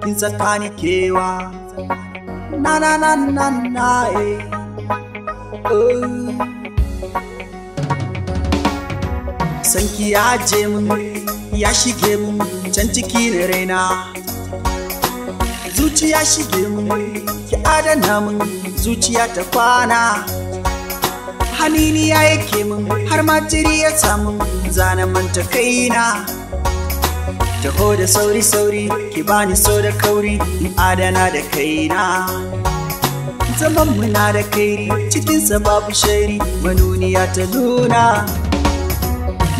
Kin tsakani kewa na na na na na eh. Oh. Sanki ya je mun ya shige mun can ciki na raina. Zuciya shige mun ki adana mun zuciya ta kwana. Halini ya yake mun har ma jiri ya samu zanen manta kaina. taho da sauri sauri ki bani so da kauri in adana da kaina zaman muna da kairi cikinsa babu shairi manuniya ta nuna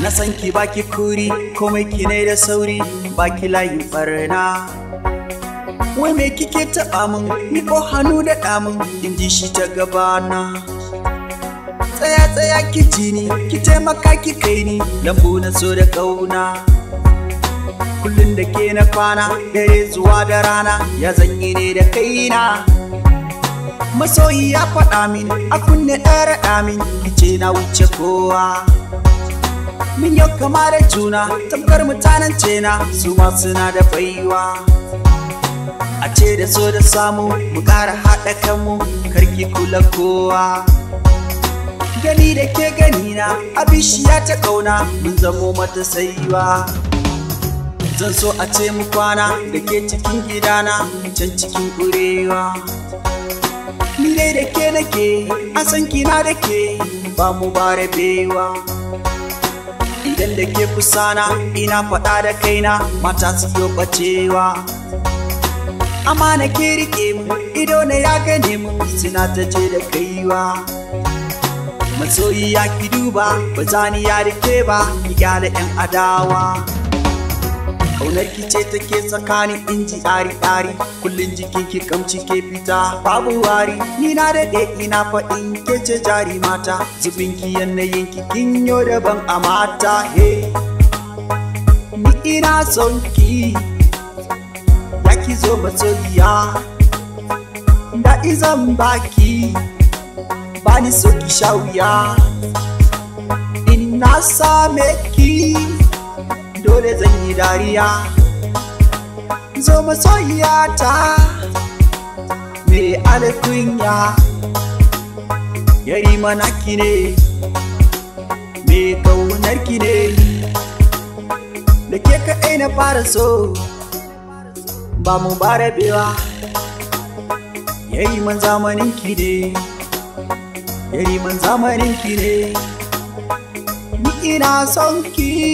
na san ki baki kuri komai ki ne da sauri baki layin barna wai me kike taɓa min ko hannu da ɗamin in ji shi ta gabana tsaya tsaya ki ji ni ki taimaka ki kai ni lambu na so da ƙauna kullum da ke na kwana dare zuwa da rana ya zanyi ne da kaina masoyi ya faɗa min a kunne ɗaya raɗa min ce na wuce kowa min yau kama da juna tamkar mutanen cena su ma suna da baiwa a ce da so da samu mu ƙara haɗa kanmu karki kula kowa gani da ke gani na abishiya ta ƙauna, mun zamo mata saiwa zan so a ce mu kwana da ke cikin gidana can cikin ƙurewa ni dai da ke nake a san kina da ke ba mu ba rabewa idan da ke kusana ina faɗa da kaina mata su yi bacewa amma na ke rike mu ido na ya gane mu suna ta je da kaiwa masoyi ya ki duba ba zani ya rike ba ki gyara yan adawa Kaunar ki ce take tsakanin inji ari ari kullum jikin ki kamci ke fita babu wari ni na daɗe ina faɗin ke ce jari mata zubin ki yanayin ki kin yo daban a mata he ni ina son ki ya ki zo masoyiya da izan baki bani so ki sha wuya ina same ki dole zan yi dariya zo masoyiya ta me ya yari ki ne me ki ne da ke kaɗai na fara so ba mu ba rabewa yari man ki ne yari man ki ne ni ina son ki